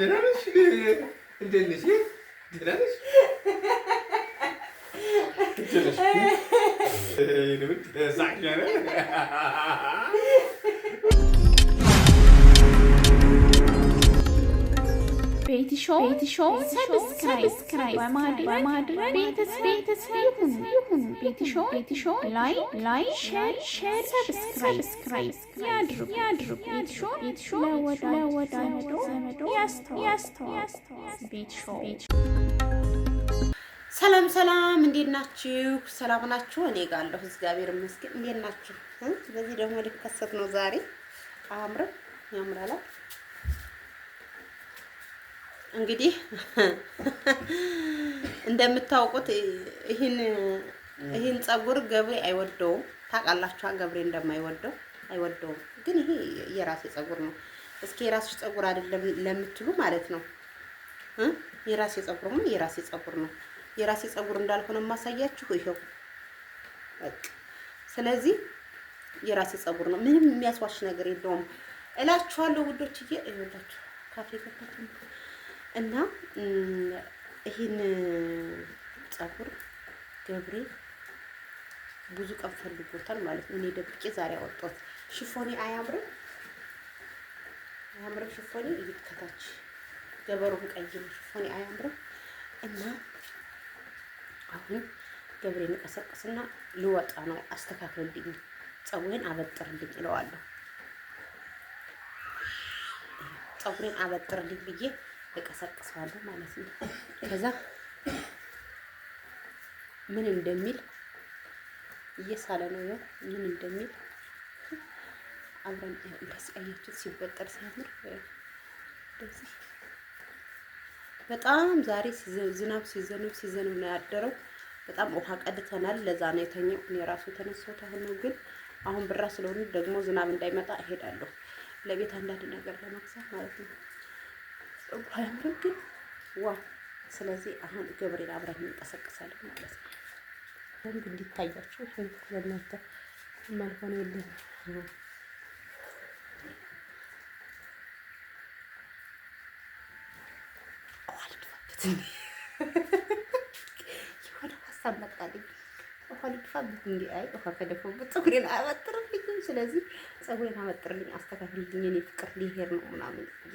Direniş. Direniş. Direniş. Direniş. Direniş. Direniş. ቤትሾውን ሰብስክራይብ በማድረግ ቤተሰብ ይሁኑ። ላይ ላይክ፣ ሼር፣ ሰብስክራይብ ያድርጉ። ለወዳጆ ዘመዶ ያስተዋውቁ። ሰላም ሰላም፣ እንዴት ናችሁ? ሰላም ናችሁ? እኔ ጋር አለሁ እግዚአብሔር ይመስገን። እንዴት ናችሁ? በዚህ ደግሞ ሊከሰት ነው ዛሬ አምርም ያምራላል እንግዲህ እንደምታውቁት ይህን ይህን ጸጉር ገብሬ አይወደውም። ታውቃላችኋ፣ ገብሬ እንደማይወደው አይወደውም። ግን ይሄ የራሴ ጸጉር ነው። እስኪ የራስሽ ጸጉር አይደለም ለምትሉ ማለት ነው። የራሴ ጸጉር ነው። የራሴ ጸጉር ነው። የራሴ ጸጉር እንዳልሆነ የማሳያችሁ ይሄው። ስለዚህ የራሴ ጸጉር ነው። ምንም የሚያስዋሽ ነገር የለውም እላችኋለሁ ውዶችዬ። ይኸውላችሁ ካፌ እና ይህን ጸጉር ገብሬ ብዙ ቀን ፈልጎታል ማለት ነው። እኔ ደብቄ ዛሬ አወጣሁት። ሽፎኔ አያምርም አያምርም። ሽፎኔ እየተከታች ገበሩን ቀይ ነው ሽፎኔ አያምርም እና አሁን ገብሬ እንቀሰቀስና ልወጣ ነው። አስተካክልልኝ፣ ጸጉሬን አበጥርልኝ እለዋለሁ። ጸጉሬን አበጥርልኝ ብዬ እቀሰቅሰዋለሁ ማለት ነው። ከዛ ምን እንደሚል እየሳለ ነው ያው ምን እንደሚል አብረን እንደስቃያችን ሲበጠር ሲያምር እንደዚህ በጣም ዛሬ ዝናብ ሲዘንብ ሲዘንብ ነው ያደረው። በጣም ውሃ ቀድተናል። ለዛ ነው የተኛው። እኔ ራሱ የተነሳሁት አሁን ነው፣ ግን አሁን ብራ ስለሆኑ ደግሞ ዝናብ እንዳይመጣ እሄዳለሁ ለቤት አንዳንድ ነገር ለመግዛት ማለት ነው። ጸጉር ግን ዋ። ስለዚህ አሁን ገብርኤል አብረን እንቀሰቀሳለን ማለት ነው። ደንብ እንዲታያችሁ ይህን ለእናንተ ማልሆን የለም የሆነ ሀሳብ መጣልኝ። ውሃ ልድፋበት እንዲ አይ ውሃ ከደፈበት ፀጉሬን አበጥርልኝም። ስለዚህ ፀጉሬን አበጥርልኝ፣ አስተካክልልኝ፣ እኔ ፍቅር ሊሄድ ነው ምናምን ብዬ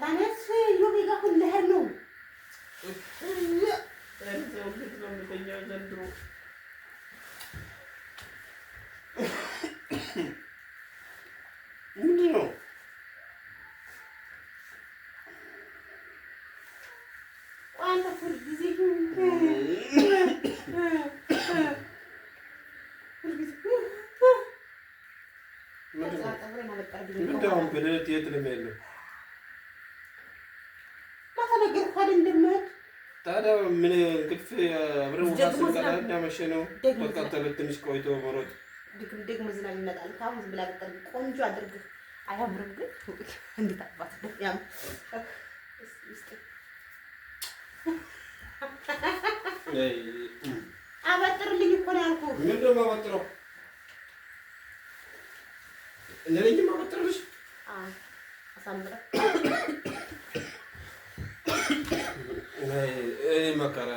ተነስ ዮቤ ጋር እኮ ልሄድ ምንድን ነው ምንድን ነው? የት ነው የሚሄድ ነው? ታዲያ ምን እንቅልፍ አብረን ውሃ ነው። በቃተለ ትንሽ ቆይቶ መሮጥ ድግም ደግሞ ዝናብ ይመጣል። አሁን ዝም ብላ በጣም ቆንጆ አድርግ አያምርም? ግን እንዴት አባት ያም አበጥርልኝ እኮ ነው ያልኩህ። ምን ደግሞ አበጥረው ለለኝም አበጥርልሽ አሳምረ መከራ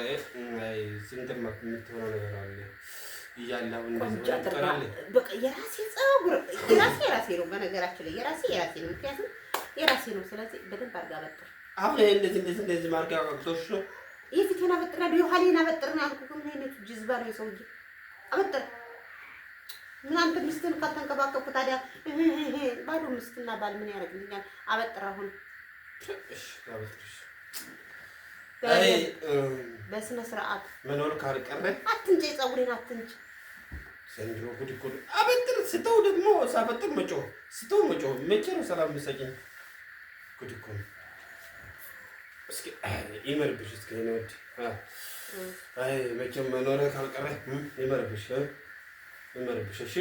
ስንት የምትሆነው ነገር አለ እያለሁ የራሴ ፀጉር የራሴ የራሴ ነው። በነገራችን ላይ የራሴ የራሴ ነው፣ ምክንያቱም የራሴ ነው። ስለዚህ በደንብ አድርጋ በጥር። አሁን እንደዚህ እንደዚህ እንደዚህ ማድረግ ነው? የፊቴን አበጥር ያለ የኋሌን አበጥር ነው ያልኩህ። ምን አይነቱ ጅዝባ ነው የሰውዬ! አበጥር ምን አንተ ካልተንከባከብኩ ታዲያ ባዶ ሚስትና ባል ምን ያደርግልኛል? አበጥር አሁን በስነ ስርዓት መኖር ካልቀረ አትንጭ፣ ፀጉሬን አትንጭ። ዘንድሮ ጉድ እኮ አበጥር ስተው ደግሞ ሳበጥር መጮ ስተው መጮ መቼ ነው ሰላም የምትሰጪኝ? ጉድ እኮ ነው። እስኪ ይመርብሽ። እስኪ አይ መቼም መኖር ካልቀረ ይመርብሽ፣ ይመርብሽ። እሺ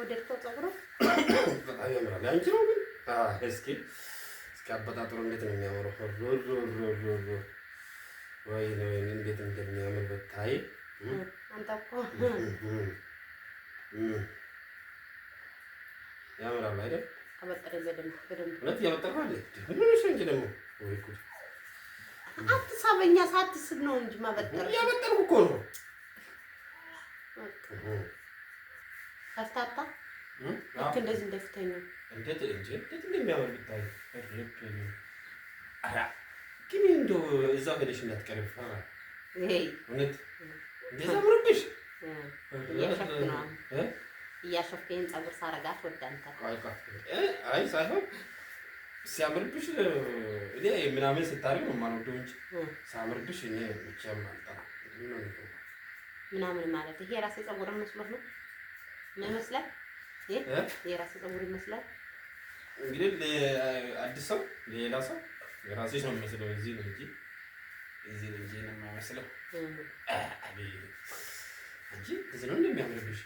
ወደድከው? ፀጉሩ በጣም ያምራል። አንቺ ነው ግን እስኪ እስኪ አበጣጥሮ እንዴት ነው የሚያምረው! ወይ ወይኔ እንዴት እንደሚያምር ብታይ! ያምራል አይደል? አትሳበኛ ሳትስብ ነው እንጂ ማበጠር ያበጠርኩ እኮ ነው። እንደዚህ እንዴት እንዴት እንደሚያምር ብታይ ግን እዛ ሄደሽ እንዳትቀሪ ፈራል። እውነት እንደዛ ፀጉር ሳረጋት ወዳንተ አይ ሳይሆን ሲያምርብሽ እኔ ምናምን ስታሪው ነው የማልወደው እንጂ ሲያምርብሽ እኔ ምናምን ማለት ይሄ የራሴ ፀጉር መስሎት ነው ምን መስላል የራስ ፀጉር ይመስላል። እንግዲህ አዲስ ሰው ሌላ ሰው የራሴ ነው የሚመስለው። እዚህ ነው እንጂ እዚህ ነው እንጂ ነው የማይመስለው እንጂ እዚህ ነው እንደሚያምርብሽ።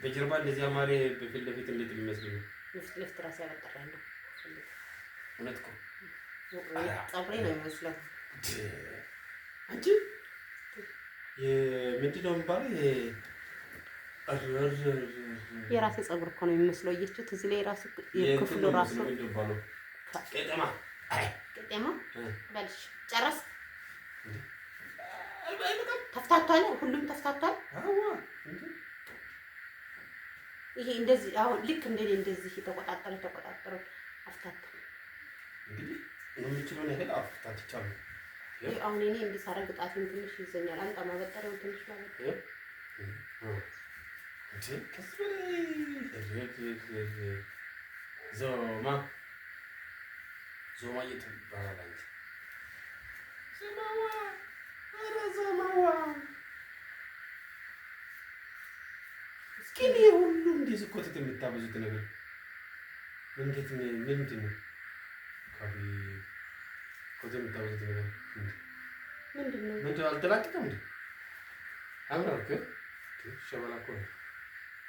በጀርባ እንደዚህ አማሪ በፊት ለፊት እንዴት የሚመስል ነው። ልፍት ልፍት ራስ ያበጠራለሁ። እውነት እኮ ፀጉሬ ነው የሚመስለው አንቺ ምንድን ነው የሚባለው የራሴ ፀጉር እኮ ነው የሚመስለው። እየችሁት እዚህ ላይ ራሱ የክፍሉ ራሱ ቄጤማ ጨረስ። ተፍታቷል፣ ሁሉም ተፍታቷል። ይሄ እንደዚህ አሁን ልክ እንደ እንደዚህ የተቆጣጠረ የተቆጣጠረ አፍታታ አሁን እኔ እንዲህ ሳረግጣትን ትንሽ ይዘኛል። አንጣ ማበጠሪያው ትንሽ ማለት ዞማ ዞማ እየተባለ እስኪ ሁሉ እንዲህ ስኮት የምታበዙት ነገር እንዴት ምንድን ነው? ኮት የምታበዙት ነገር ምንድን ነው? ምንድን ነው? አልተላቀቀም። አምራ ሸበላ እኮ ነው።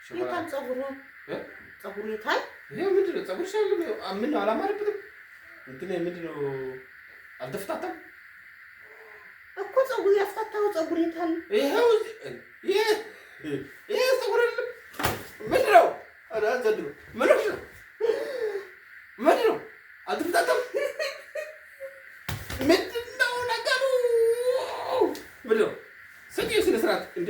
ሽታል ጸጉሩ ጸጉሩ ይታል። ይሄ ምንድን ነው? ጸጉር ሻል ምን ነው? አላማረብትም። እንትን ምንድን ነው? አልተፈታታም እኮ ጸጉሩ ያስፈታው ጸጉር ይታል። ይሄው ይሄ ይሄ ጸጉር አይደለም። ምንድን ነው? አዳ ዘንድሮ ምን ነው? ምንድን ነገሩ? ምንድን ነው? ስነ ስርዓት እንዴ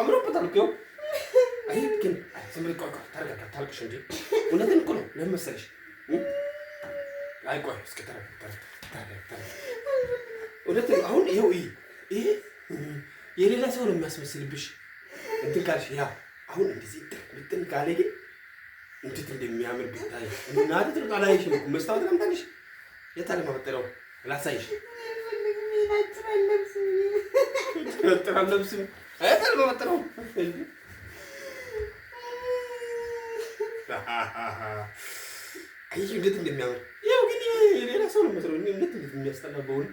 አምሮበታል እኮ አየት ግን ዝም ብለህ ቆይ ቆይ ታረጋጋ ታልቅሽ እንጂ እውነትን እኮ ነው ለምን መሰለሽ አይ ቆይ እስኪ እውነት አሁን ይኸው ይሄ ይሄ የሌላ ሰው ነው የሚያስመስልብሽ እንትን ካልሽ ያው አሁን እንደዚህ እንትን ካለ ግን እንዴት እንደሚያምር ቢታይ እናት ትልቅ አላይሽ ነው መስታወት ለምታለሽ የታለ ማበጠለው ላሳይሽ ጥራለብስም እንዴት እንደሚያምር ያው ግን ሌላ ሰው ነው መስለው እንዴት እንዴት እንደሚያስጠላ በሆነ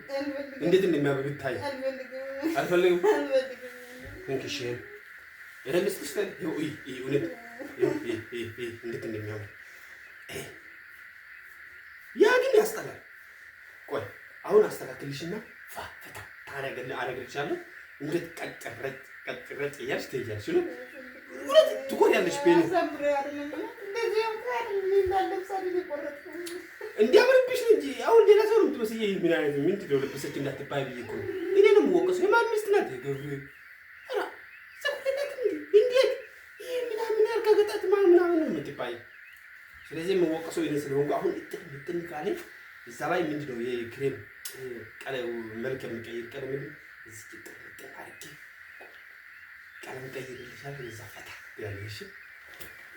እንዴት እንደሚያምር ብታይ አልፈልግም። እውነት እንዴት እንደሚያምር ያ ግን ያስጠላል። ቆይ አሁን አስተካክልሽና ፋ ፈታ ታረገለ እንዴት ቀጨረጥ ቀጥ ቀጥ እያልሽ ትሄጃለሽ። እውነት ትኮሪያለሽ። ቤል እንዲያምርብሽ ነው እንጂ አሁን ሌላ ሰው ነው የምትመስይ። ምን አይነት ምንድን ነው ለበሰች እንዳትባይ ብዬሽ እኮ ነው። እኔ ነው የምወቀሰው። የማን ሚስት ናት? ገብርኤል ስለዚህ የምወቀሰው ይሄን ስለሆንኩ አሁን እጥፍ ምጥን ካለ እዛ ላይ ምንድን ነው መልክ የሚቀይር ቀለም እዚህ ጥቅጥቅ አድርጌ ቀለም መጠይቅ ይሻል እዛ ፈታ ያለሽ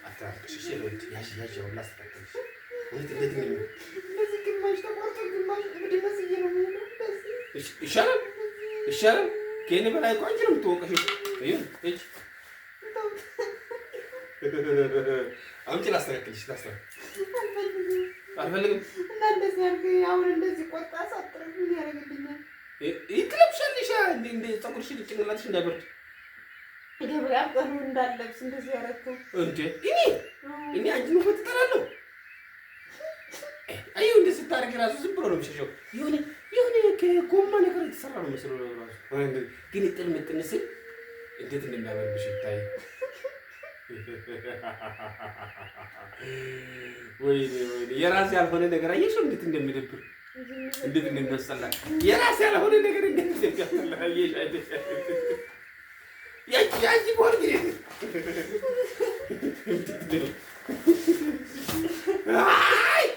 አተራቅሽ ሸሎት ያሽ ያሽ ያው ላስተካክልሽ ወይት እንዴት ነው በዚህ ግማሽ ተቆርጦ ግማሽ ድረስ ይሻላል ይሻላል። ከኔ በላይ ቆንጆ ነው የምትወቀሽ። እዩ እጅ አምጪ ላስተካክልሽ። አልፈልግም እና እንደዚህ አድርግ። አሁን እንደዚህ ቆጣ ሳጥር ምን ያደርግልኛል? ይቅለብሻል። ይሻላል እንደ ፀጉርሽ ጭንቅላትሽ እንዳይበርድ ገበያ ቀኑ እንዳለብስ እንደዚህ ያረኩት እንዴ? እኔ እኔ አንቺን ውበት እጠላለሁ። አየሁ እንደ ስታደርግ ራሱ ዝም ብሎ ነው የሚሸሸው። የሆነ የሆነ ከጎማ ነገር የተሰራ ነው መስሎ ነው ራሱ። ግን ጥል ምጥን ስል እንዴት እንደሚያመልሽ ይታይ። ወይኔ ወይኔ፣ የራሴ ያልሆነ ነገር አየሽ እንዴት እንደሚደብር እንዴት እንደሚያስጠላ የራሴ ያልሆነ ነገር እንዴት እንደሚያስጠላ አየሽ አይደል? Ya ihtiyacım var birinin. Ay!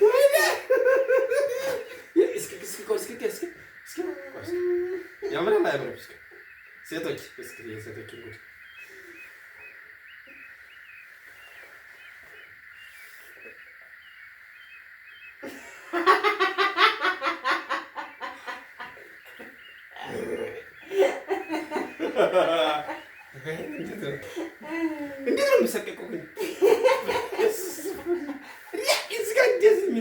Olha! Esquiva, esquiva, esquiva, esquiva. Esquiva, esquiva. Já vai lá, Bárbara. Senta aqui. Senta aqui, senta aqui.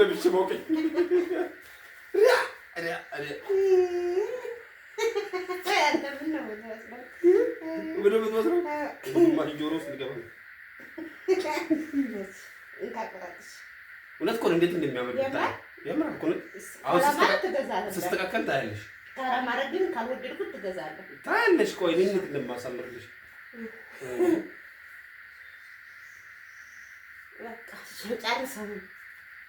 ለብሼ ሞቀኝ። እውነት እንዴት እንደሚያምር የምር እኮ ስትስተካከል ታያለሽ። ካልወደድኩት ታያለሽ። ቆይ እንዴት እንደማሳምርልሽ ጨርሰው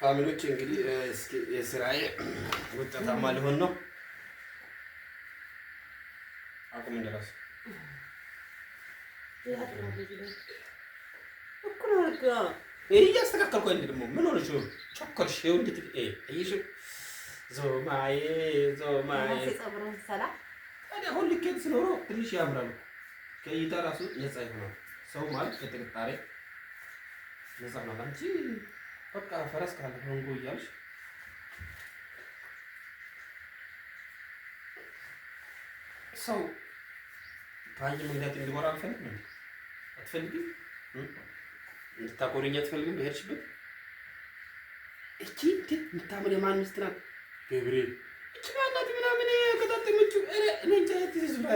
ፋሚሎች እንግዲህ እስኪ የስራዬ ውጤታማ ሊሆን ነው። አቁም እንደራስ እያስተካከልኩ እንደ ደግሞ ምን ሆነሽ ነው? ቸኮልሽ ይኸው እንዴት እይሽ ዞማዬ ዞማዬ ታዲያ ሁል ኬት ሲኖረው ትንሽ ያምራሉ። ከእይታ ራሱ ነጻ ይሆናል። ሰው ማለት ከጥርጣሬ ነጻ ነው። አንቺ በቃ ፈረስ ካለ ሆንጎ እያልሽ ሰው ከአንቺ መግዳት እንዲወራ አልፈልግም። አትፈልግም እንድታጎደኝ አትፈልግም። በሄድሽበት እቺ እንት የምታምር የማን ሚስት ናት? ገብርኤል እቺ ማናት? ምናምን እረ ከታተመችው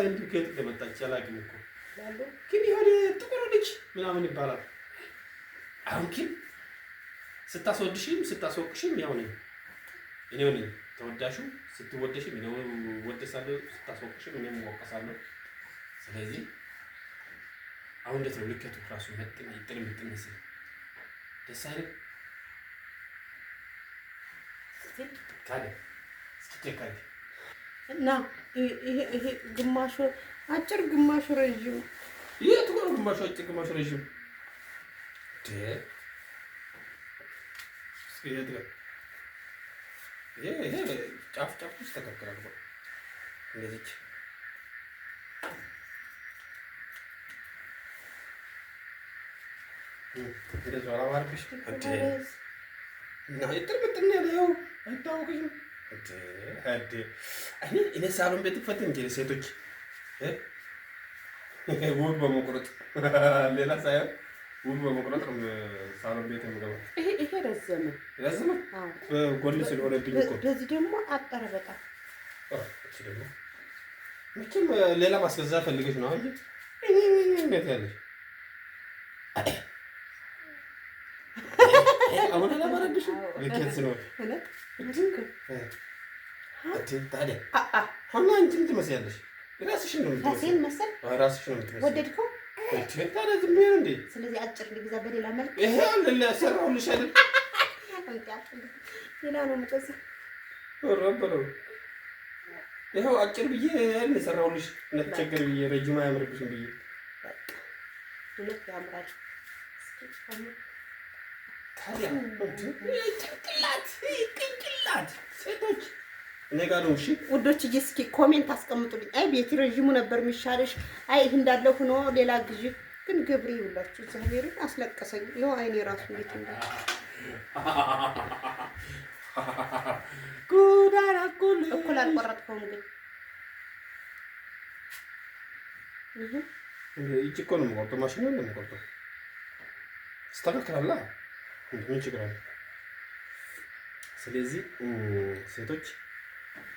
እንዲገጥ ለመጣች አላውቅም እኮ ግን የሆነ ጥቁር ልጅ ምናምን ይባላል አሁን ግን ስታስወድሽም ስታስወቅሽም ያው ነኝ እኔው ነኝ ተወዳሹ። ስትወደሽም እኔው ወደሳለሁ፣ ስታስወቅሽም እኔም እወቀሳለሁ። ስለዚህ አሁን እንደት ነው ልከቱ ራሱ መጥን ይጥል ምጥን ስል ደስ አይልም ካለ እና ይሄ ግማሹ አጭር ግማሹ ረዥም ይሄ ትቆ ግማሹ አጭር ግማሹ ረዥም የት ጋር ይሄ ይሄ ጫፍ ጫፍ ውስጥ እንደዚች እና ያለ አይታወቅሽም። እኔ ሳሎን ቤት እንጂ ሴቶች ውብ በመቁረጥ ሌላ ሳይሆን ውብ በመቁረጥ ሳሎን ቤት የምገባው ይሄ ረዘመ ረዘመ በጎን ስለሆነብኝ እኮ በዚህ ደግሞ አጠረ። በጣም መቼም ሌላ ማስገዛ ፈልገሽ ነው እንጂ እንዴት ያለሽ አሁን አላማረብሽ ልኬት ነው ታዲያ አሁን አንቺ ትመስያለሽ? ራስሽን ነው ራስሽን ነው ወደድከው ስለዚህ አጭር ልግዛ በሌላ መልክ ይሄ አለ ይኸው አጭር ብዬ ያለ የሰራሁልሽ እንዳትቸገር ብዬ ረጅም አያምርብሽም ብዬ ታዲያ ቅንጭላት ቅንጭላት ሴቶች እኔ ጋር ነው። እሺ ውዶች፣ እስኪ ኮሜንት አስቀምጡልኝ። አይ ቤት ረዥሙ ነበር የሚሻልሽ። አይ ይህ እንዳለ ሆኖ ሌላ ግዢ ግን ገብሬ ይውላችሁ እግዚአብሔርን አስለቀሰኝ። ይኸው አይኔ ራሱ እንዴት እንዳለ ጉዳራ ኩል እኩል አልቆረጥከውም ግን ይቺ እኮ ነው የምቆርጠው፣ ማሽን ነው የምቆርጠው። ስተካከላላ ምን ችግር አለ? ስለዚህ ሴቶች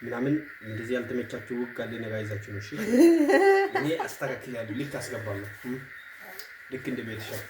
ምናምን እንደዚህ ያልተመቻችሁ ውግ ካለ ነገ ይዛችሁ ነው። እሺ እኔ አስተካክላለሁ። ልክ አስገባለሁ። ልክ እንደ ቤተሰብ